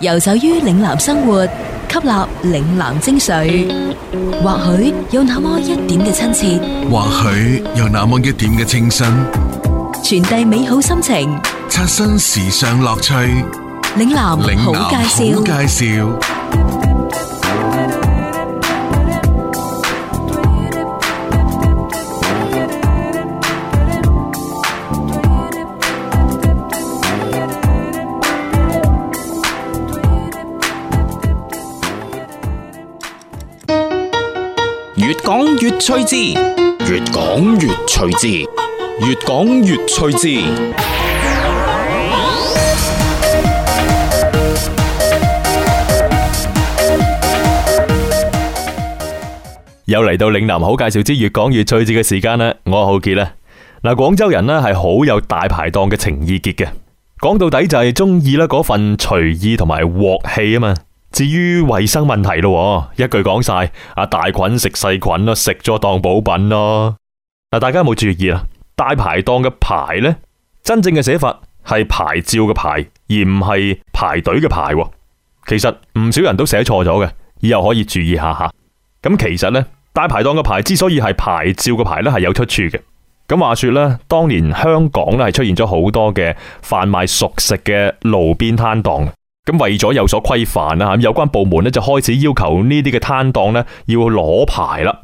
遊走於嶺南生活，吸納嶺南精髓，或許有那麼一點嘅親切，或許有那麼一點嘅清新，傳遞美好心情，刷新時尚樂趣。嶺南好介紹，好介紹。越致越講越趣致，越講越趣致。越越之又嚟到嶺南好介紹之越講越趣致嘅時間啦！我好杰啦，嗱，廣州人呢係好有大排檔嘅情意結嘅，講到底就係中意啦嗰份隨意同埋鑊氣啊嘛。至於衛生問題咯，一句講晒，阿大菌食細菌咯，食咗當補品咯。嗱，大家有冇注意啦？大排檔嘅牌呢，真正嘅寫法係牌照嘅牌，而唔係排隊嘅排。其實唔少人都寫錯咗嘅，以後可以注意下吓。咁其實呢，大排檔嘅牌之所以係牌照嘅牌呢，係有出處嘅。咁話說呢，當年香港咧係出現咗好多嘅販賣熟食嘅路邊攤檔。.咁為咗有所規範啦，吓有關部門咧就開始要求呢啲嘅攤檔咧要攞牌啦。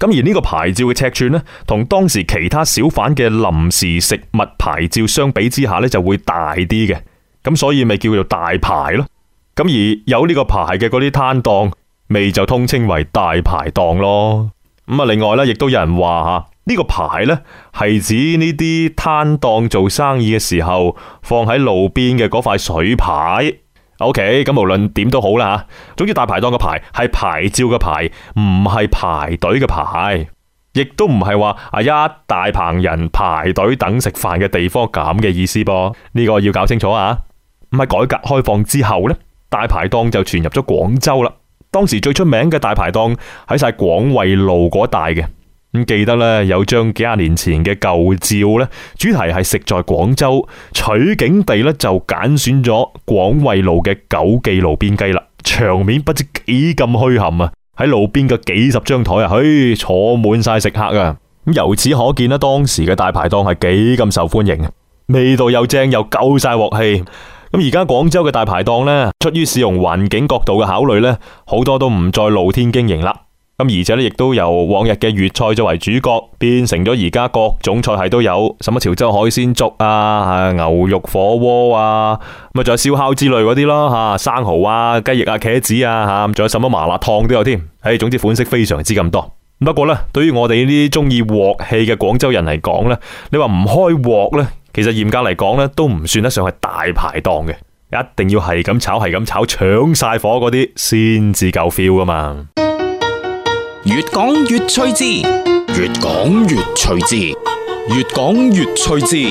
咁而呢個牌照嘅尺寸咧，同當時其他小販嘅臨時食物牌照相比之下咧就會大啲嘅，咁所以咪叫做大牌咯。咁而有呢個牌嘅嗰啲攤檔，未就通稱為大牌檔咯。咁啊，另外啦，亦都有人話吓呢個牌咧係指呢啲攤檔做生意嘅時候放喺路邊嘅嗰塊水牌。O K，咁無論點都好啦吓，總之大排檔個牌係牌照嘅牌，唔係排隊嘅牌。亦都唔係話一大棚人排隊等食飯嘅地方咁嘅意思噃。呢個要搞清楚啊。咁喺改革開放之後咧，大排檔就傳入咗廣州啦。當時最出名嘅大排檔喺晒廣衛路嗰帶嘅。咁記得咧，有張幾廿年前嘅舊照咧，主題係食在廣州，取景地咧就揀選咗廣衛路嘅九記路邊雞啦，場面不知幾咁墟冚啊！喺路邊嘅幾十張台啊，嘿，坐滿曬食客啊！咁由此可見啦，當時嘅大排檔係幾咁受歡迎啊，味道又正又夠曬鑊氣。咁而家廣州嘅大排檔咧，出於市容環境角度嘅考慮咧，好多都唔再露天經營啦。咁而且咧，亦都由往日嘅粵菜作為主角，變成咗而家各種菜系都有，什麼潮州海鮮粥啊、牛肉火鍋啊，咁啊仲有燒烤之類嗰啲咯吓，生蠔啊、雞翼啊、茄子啊吓，仲、啊、有什麼麻辣燙都有添。唉，總之款式非常之咁多。不過呢，對於我哋呢啲中意鑊氣嘅廣州人嚟講呢，你話唔開鑊呢，其實嚴格嚟講呢，都唔算得上係大排檔嘅，一定要係咁炒，係咁炒，搶晒火嗰啲先至夠 feel 噶嘛。 越講越趣致，越講越趣致，越講越趣致。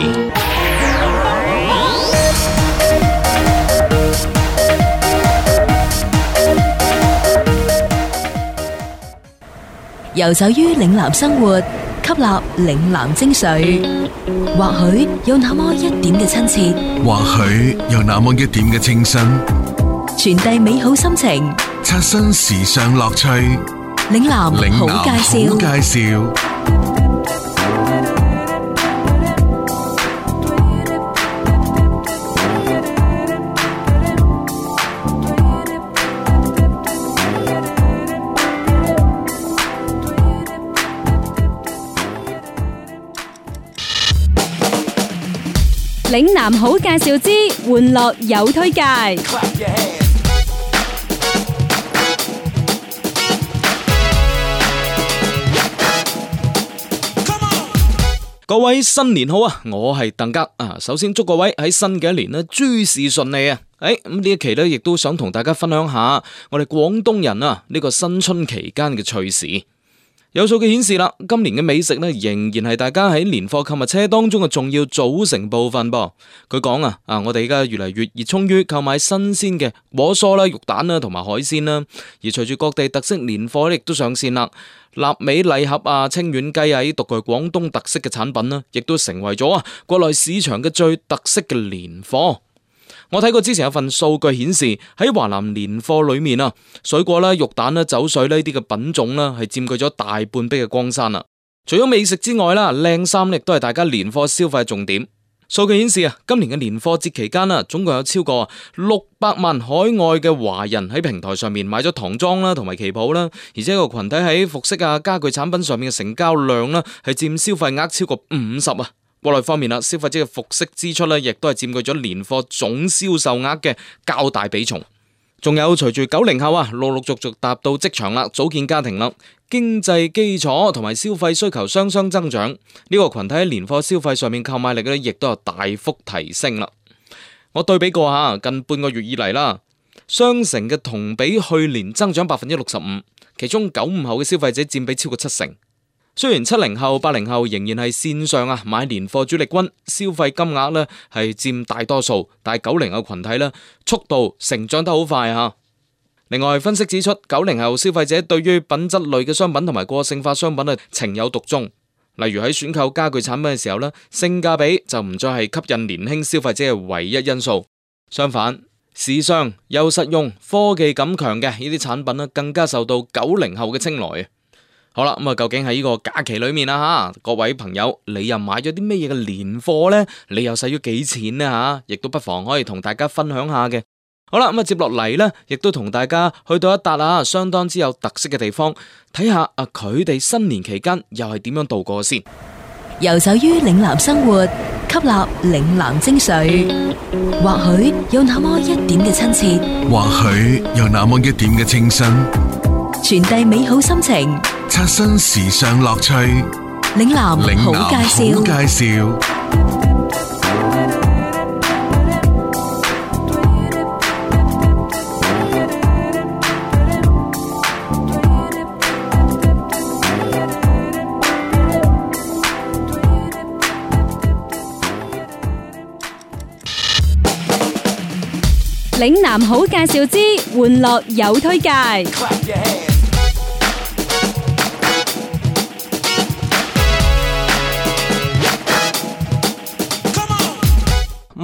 遊走於嶺南生活，吸納嶺南精髓，或許有那麼一點嘅親切，或許有那麼一點嘅清新，傳遞美好心情，刷新時尚樂趣。嶺南好介紹，嶺南好介紹。嶺南好介紹之玩樂有推介。各位新年好啊！我係鄧吉啊，首先祝各位喺新嘅一年呢，諸事順利啊！誒，咁呢一期咧亦都想同大家分享下我哋廣東人啊呢個新春期間嘅趣事。有數據顯示啦，今年嘅美食咧仍然係大家喺年貨購物車當中嘅重要組成部分噃。佢講啊，啊我哋而家越嚟越熱衷於購買新鮮嘅果蔬啦、肉蛋啦同埋海鮮啦。而隨住各地特色年貨咧，亦都上線啦，臘味禮盒啊、清遠雞啊，呢獨具廣東特色嘅產品啦，亦都成為咗啊國內市場嘅最特色嘅年貨。我睇過之前有份數據顯示，喺華南年貨裏面啊，水果啦、肉蛋啦、酒水呢啲嘅品種啦，係佔據咗大半壁嘅江山啊。除咗美食之外啦，靚衫亦都係大家年貨消費嘅重點。數據顯示啊，今年嘅年貨節期間啊，總共有超過六百萬海外嘅華人喺平台上面買咗唐裝啦，同埋旗袍啦，而且個群體喺服飾啊、家具產品上面嘅成交量啦，係佔消費額超過五十啊。國內方面啦，消費者嘅服飾支出咧，亦都係佔據咗年貨總銷售額嘅較大比重。仲有隨住九零後啊，陸陸續續達到職場啦、組建家庭啦，經濟基礎同埋消費需求雙雙增長，呢個群體喺年貨消費上面購買力嘅亦都有大幅提升啦。我對比過吓，近半個月以嚟啦，雙城嘅同比去年增長百分之六十五，其中九五後嘅消費者占比超過七成。雖然七零後、八零後仍然係線上啊買年貨主力軍，消費金額呢係佔大多數，但係九零後群體呢速度成長得好快吓、啊。另外，分析指出，九零後消費者對於品質類嘅商品同埋個性化商品啊情有獨鍾，例如喺選購家具產品嘅時候呢性價比就唔再係吸引年輕消費者嘅唯一因素。相反，時尚又實用、科技感強嘅呢啲產品啦，更加受到九零後嘅青睞。好啦，咁啊，究竟喺呢個假期裏面啦吓，各位朋友，你又買咗啲咩嘢嘅年貨呢？你又使咗幾錢呢？吓？亦都不妨可以同大家分享下嘅。好啦，咁啊，接落嚟呢，亦都同大家去到一笪啊，相當之有特色嘅地方，睇下啊，佢哋新年期間又係點樣度過先。游走於嶺南生活，吸納嶺南精髓，或許有那麼一點嘅親切，或許有那麼一點嘅清新。傳遞美好心情，刷新時尚樂趣。嶺南好介紹，嶺南好介紹。嶺南好介紹之玩樂有推介。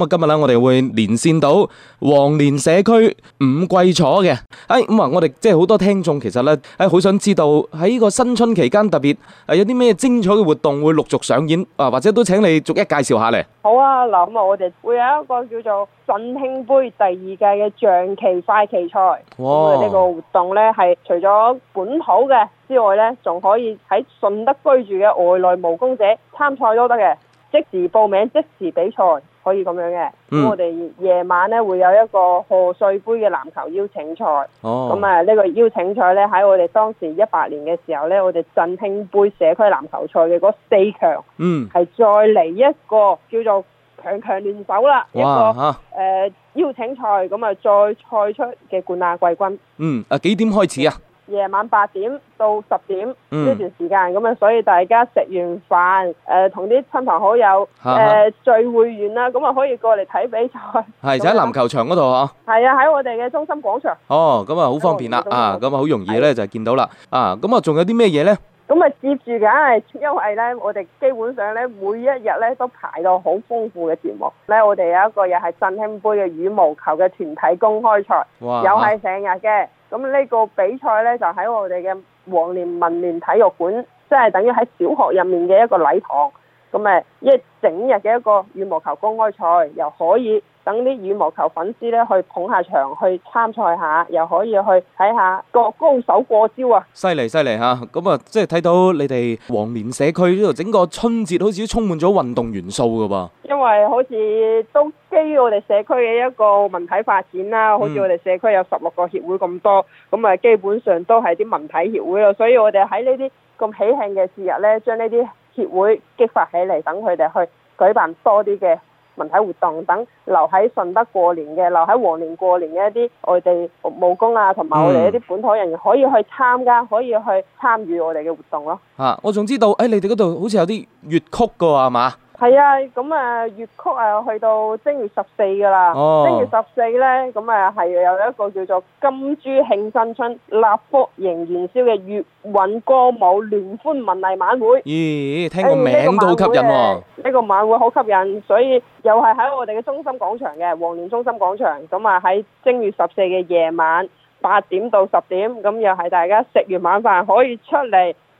咁啊，今日咧，我哋會連線到黃連社區伍貴楚嘅。誒，咁啊，我哋即係好多聽眾，其實咧，誒，好想知道喺呢個新春期間特別誒有啲咩精彩嘅活動會陸續上演啊，或者都請你逐一介紹下咧。好啊，嗱，咁啊，我哋會有一個叫做振興杯第二屆嘅象棋快棋賽。哇！咁啊，呢個活動咧係除咗本土嘅之外咧，仲可以喺順德居住嘅外來務工者參賽都得嘅，即時報名，即時比賽。可以咁樣嘅，咁、嗯、我哋夜晚咧會有一個賀歲杯嘅籃球邀請賽，咁啊呢個邀請賽咧喺我哋當時一八年嘅時候呢，我哋振興杯社區籃球賽嘅嗰四強，係、嗯、再嚟一個叫做強強聯手啦，哇一個誒、呃、邀請賽，咁啊再賽出嘅冠亞季軍。嗯，啊幾點開始啊？夜晚八點到十點呢段時間，咁啊，所以大家食完飯，誒，同啲親朋好友，誒，聚會完啦，咁啊，可以過嚟睇比賽。係就喺籃球場嗰度啊，係啊，喺我哋嘅中心廣場。哦，咁啊，好方便啦啊，咁啊，好容易咧就見到啦啊，咁啊，仲有啲咩嘢咧？咁啊，接住梗係，因為咧，我哋基本上咧，每一日咧都排到好豐富嘅節目。咧，我哋有一個又係振興杯嘅羽毛球嘅團體公開賽，又係成日嘅。咁呢個比賽呢，就喺我哋嘅黃連文聯體育館，即係等於喺小學入面嘅一個禮堂。咁咪一整日嘅一個羽毛球公開賽，又可以等啲羽毛球粉絲咧去捧下場，去參賽下，又可以去睇下各高手過招啊！犀利犀利嚇！咁啊，即係睇到你哋黃連社區呢度整個春節好似都充滿咗運動元素噶噃。因為好似都基於我哋社區嘅一個文體發展啦，好似我哋社區有十六個協會咁多，咁啊、嗯，基本上都係啲文體協會咯，所以我哋喺呢啲咁喜慶嘅節日咧，將呢啲。協會激發起嚟，等佢哋去舉辦多啲嘅文體活動，等留喺順德過年嘅、留喺黃連過年嘅一啲外地務工啊，同埋我哋一啲本土人員可以去參加，可以去參與我哋嘅活動咯。啊！我仲知道，誒、哎，你哋嗰度好似有啲粵曲噶係嘛？係啊，咁、嗯、啊，粵曲啊，去到正月十四噶啦。Oh. 正月十四呢，咁、嗯、啊，係有一個叫做金豬慶新春、立福迎元宵嘅粵韻歌舞聯歡文藝晚會。咦、欸，聽個名都好吸引喎！呢、這個晚會好吸、哦、吸引，所以又係喺我哋嘅中心廣場嘅黃連中心廣場。咁、嗯、啊，喺正月十四嘅夜晚八點到十點，咁、嗯、又係大家食完晚飯可以出嚟。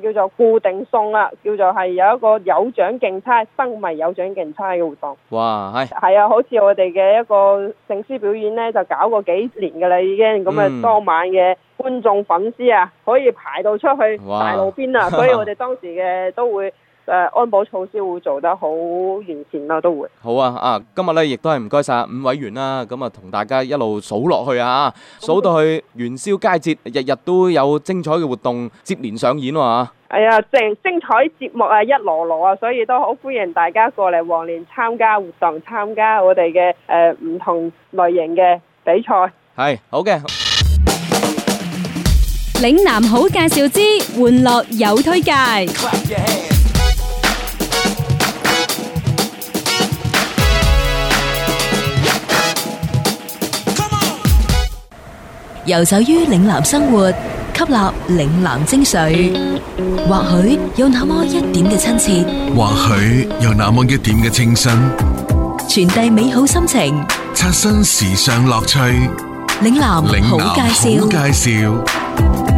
叫做固定送啦，叫做係有一個有獎競猜、生迷有獎競猜嘅活動。哇，係、哎、啊，好似我哋嘅一個粉絲表演呢，就搞過幾年噶啦，已經咁啊，嗯、當晚嘅觀眾粉絲啊，可以排到出去大路邊啊，哇所以我哋當時嘅都會。誒安保措施會做得好完善啦，都會好啊！啊，今日咧亦都係唔該晒五位員啦，咁啊同大家一路數落去啊，數到去元宵佳節，日日都有精彩嘅活動接連上演喎嚇。係啊，成精彩節目啊，一籮籮啊，所以都好歡迎大家過嚟黃年參加活動，參加我哋嘅誒唔同類型嘅比賽。係好嘅，嶺南好介紹之，玩樂有推介。遊走於嶺南生活，吸納嶺南精髓，或許有那麼一點嘅親切，或許有那麼一點嘅清新，傳遞美好心情，刷新時尚樂趣。嶺南，好介紹，好介紹。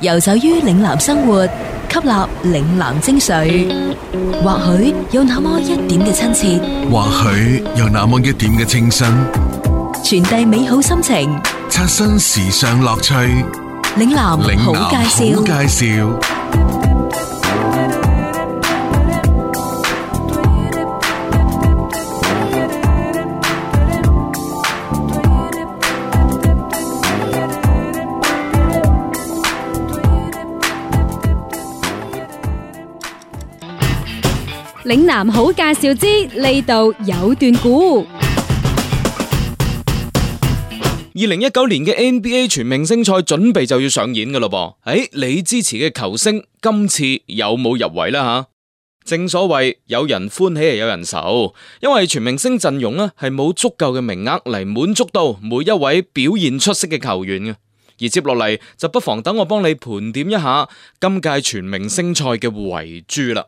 遊走於嶺南生活，吸納嶺南精髓，或許有那麼一點嘅親切，或許有那麼一點嘅清新，傳遞美好心情，刷新時尚樂趣。嶺南好介紹。南好介紹之呢度有段故。二零一九年嘅 NBA 全明星賽準備就要上演噶咯噃！誒，你支持嘅球星今次有冇入圍咧？吓，正所謂有人歡喜係有人愁，因為全明星陣容咧係冇足夠嘅名額嚟滿足到每一位表現出色嘅球員嘅。而接落嚟就不妨等我幫你盤點一下今屆全明星賽嘅遺珠啦。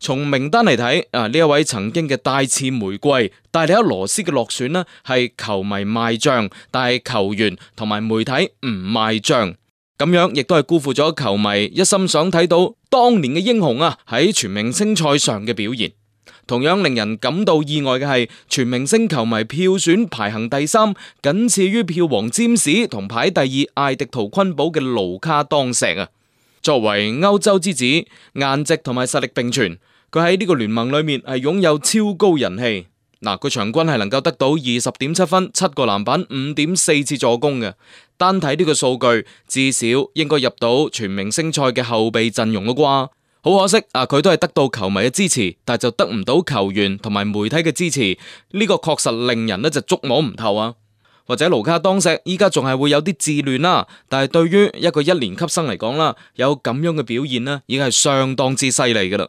從名單嚟睇，啊呢一位曾經嘅帶刺玫瑰、大力亨羅斯嘅落選呢，係球迷賣賬，但係球員同埋媒體唔賣賬，咁樣亦都係辜負咗球迷一心想睇到當年嘅英雄啊喺全明星賽上嘅表現。同樣令人感到意外嘅係，全明星球迷票選排行第三，僅次於票王詹士同排第二艾迪圖昆堡嘅盧卡當石啊。作為歐洲之子，顏值同埋實力並存，佢喺呢個聯盟裏面係擁有超高人氣。嗱，佢場均係能夠得到二十點七分、七個籃板、五點四次助攻嘅。單睇呢個數據，至少應該入到全明星賽嘅後備陣容啦啩。好可惜啊，佢都係得到球迷嘅支持，但係就得唔到球員同埋媒體嘅支持，呢個確實令人咧就捉摸唔透啊。或者盧卡當石依家仲係會有啲自亂啦，但係對於一個一年級生嚟講啦，有咁樣嘅表現呢，已經係相當之犀利㗎喇。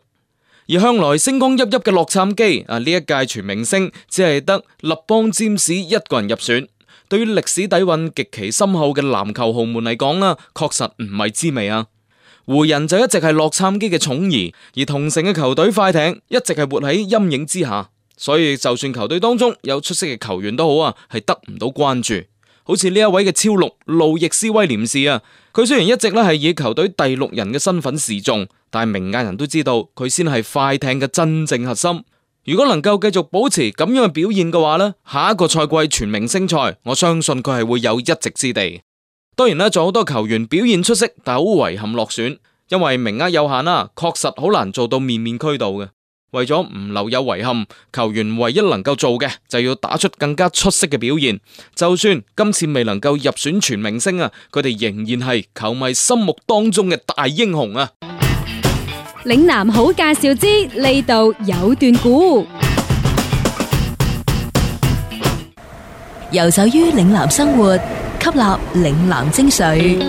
而向來星光熠熠嘅洛杉磯啊，呢一屆全明星只係得立邦占士一個人入選，對於歷史底蘊極其深厚嘅籃球豪門嚟講啦，確實唔係滋味啊。湖人就一直係洛杉磯嘅寵兒，而同城嘅球隊快艇一直係活喺陰影之下。所以就算球隊當中有出色嘅球員都好啊，係得唔到關注。好似呢一位嘅超六路易斯威廉士啊，佢雖然一直咧係以球隊第六人嘅身份示眾，但係明眼人都知道佢先係快艇嘅真正核心。如果能夠繼續保持咁樣嘅表現嘅話呢，下一個賽季全明星賽，我相信佢係會有一席之地。當然啦，仲有好多球員表現出色，但好遺憾落選，因為名額有限啦，確實好難做到面面俱到嘅。為咗唔留有遺憾，球員唯一能夠做嘅就要打出更加出色嘅表現。就算今次未能夠入選全明星啊，佢哋仍然係球迷心目當中嘅大英雄啊！嶺南好介紹之，呢度有段古。遊走於嶺南生活，吸納嶺南精髓，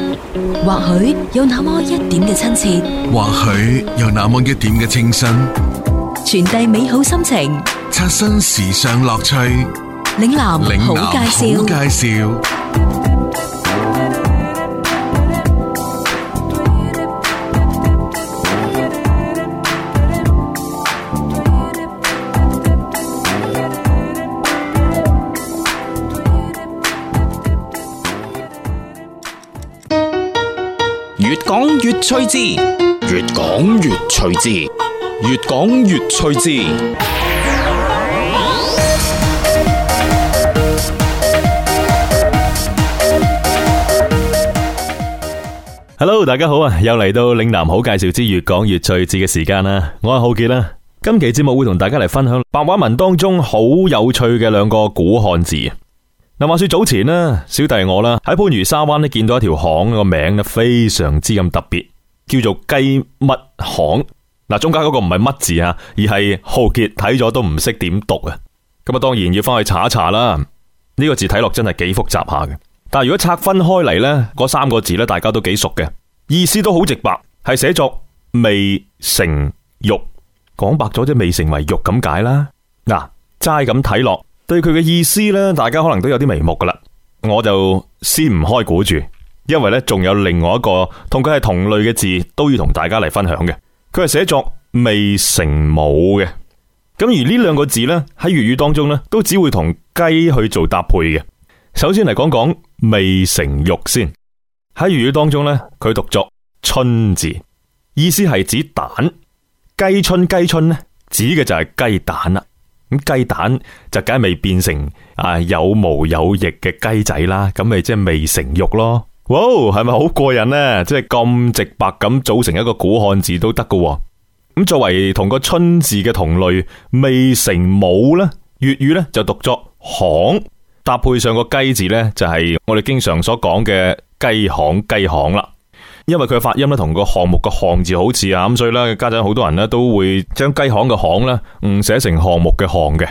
或許有那麼一點嘅親切，或許有那麼一點嘅清新。傳遞美好心情，刷新時尚樂趣。嶺南好介紹，越講越趣緻，越講越趣緻。越講越趣致。Hello，大家好啊！又嚟到嶺南好介紹之越講越趣致嘅時間啦！我係浩傑啦。今期節目會同大家嚟分享白話文當中好有趣嘅兩個古漢字啊！嗱，話說早前咧，小弟我啦喺番禺沙灣呢見到一條巷個名呢非常之咁特別，叫做雞乜巷。嗱，中間嗰個唔係乜字啊，而係浩杰睇咗都唔識點讀啊。咁啊，當然要翻去查一查啦。呢個字睇落真係幾複雜下嘅。但係如果拆分開嚟呢，嗰三個字咧，大家都幾熟嘅，意思都好直白，係寫作未成肉。講白咗即未成為肉咁解啦。嗱、啊，齋咁睇落，對佢嘅意思呢，大家可能都有啲眉目噶啦。我就先唔開估住，因為呢仲有另外一個同佢係同類嘅字，都要同大家嚟分享嘅。佢係寫作未成母嘅，咁而呢兩個字咧，喺粵語當中咧，都只會同雞去做搭配嘅。首先嚟講講未成肉先，喺粵語當中咧，佢讀作春字，意思係指蛋，雞春，雞春咧指嘅就係雞蛋啦，咁雞蛋就梗係未變成啊有毛有翼嘅雞仔啦，咁咪即係未成肉咯。哇，係咪好過癮呢？即係咁直白咁組成一個古漢字都得噶。咁作為同個春字嘅同類，未成母呢，粵語呢就讀作行，搭配上個雞字呢，就係我哋經常所講嘅雞行雞行啦。因為佢嘅發音咧同個項目嘅項字好似啊，咁所以呢，家陣好多人呢，都會將雞行嘅行呢，誤寫成項目嘅項嘅。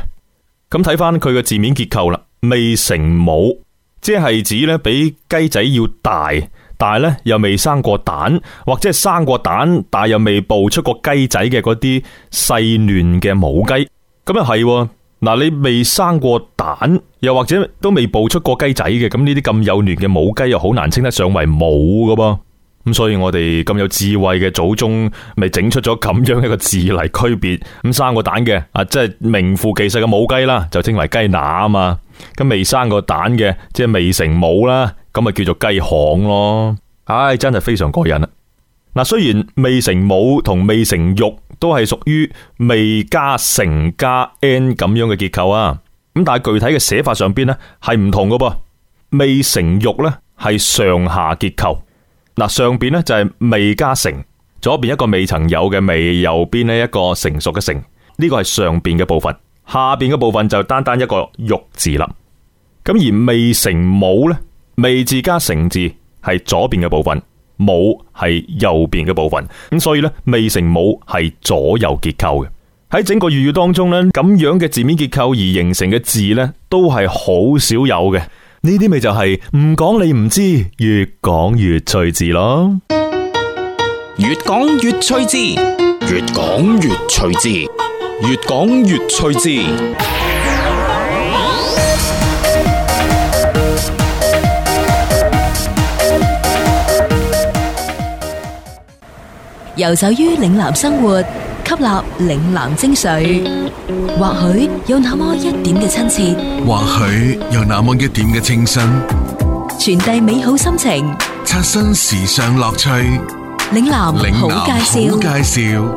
咁睇翻佢嘅字面結構啦，未成母。即係指咧，比雞仔要大，但係咧又未生過蛋，或者係生過蛋但又未抱出過雞仔嘅嗰啲細嫩嘅母雞，咁又係嗱，你未生過蛋，又或者都未抱出過雞仔嘅，咁呢啲咁幼嫩嘅母雞又好難稱得上為母噶噃，咁所以我哋咁有智慧嘅祖宗，咪整出咗咁樣一個字嚟區別，咁生過蛋嘅啊，即係名副其實嘅母雞啦，就稱為雞乸啊嘛。咁未生過蛋嘅，即係未成母啦，咁咪叫做雞行咯。唉，真係非常過癮啦！嗱，雖然未成母同未成肉都係屬於未加成加 n 咁樣嘅結構啊，咁但係具體嘅寫法上邊呢係唔同噶噃。未成肉呢係上下結構，嗱上邊呢就係未加成，左邊一個未曾有嘅未，右邊呢一個成熟嘅成，呢個係上邊嘅部分。下邊嘅部分就單單一個玉字啦，咁而未成母呢，未字加成字係左邊嘅部分，母係右邊嘅部分，咁所以呢，未成母係左右結構嘅。喺整個粵語當中呢，咁樣嘅字面結構而形成嘅字呢，都係好少有嘅。呢啲咪就係唔講你唔知，越講越趣字咯，越講越趣字，越講越趣字。越講越趣致，遊走於嶺南生活，吸納嶺南精髓。或許有那麼一點嘅親切，或許有那麼一點嘅清新，傳遞美好心情，刷新時尚樂趣。嶺南好介紹。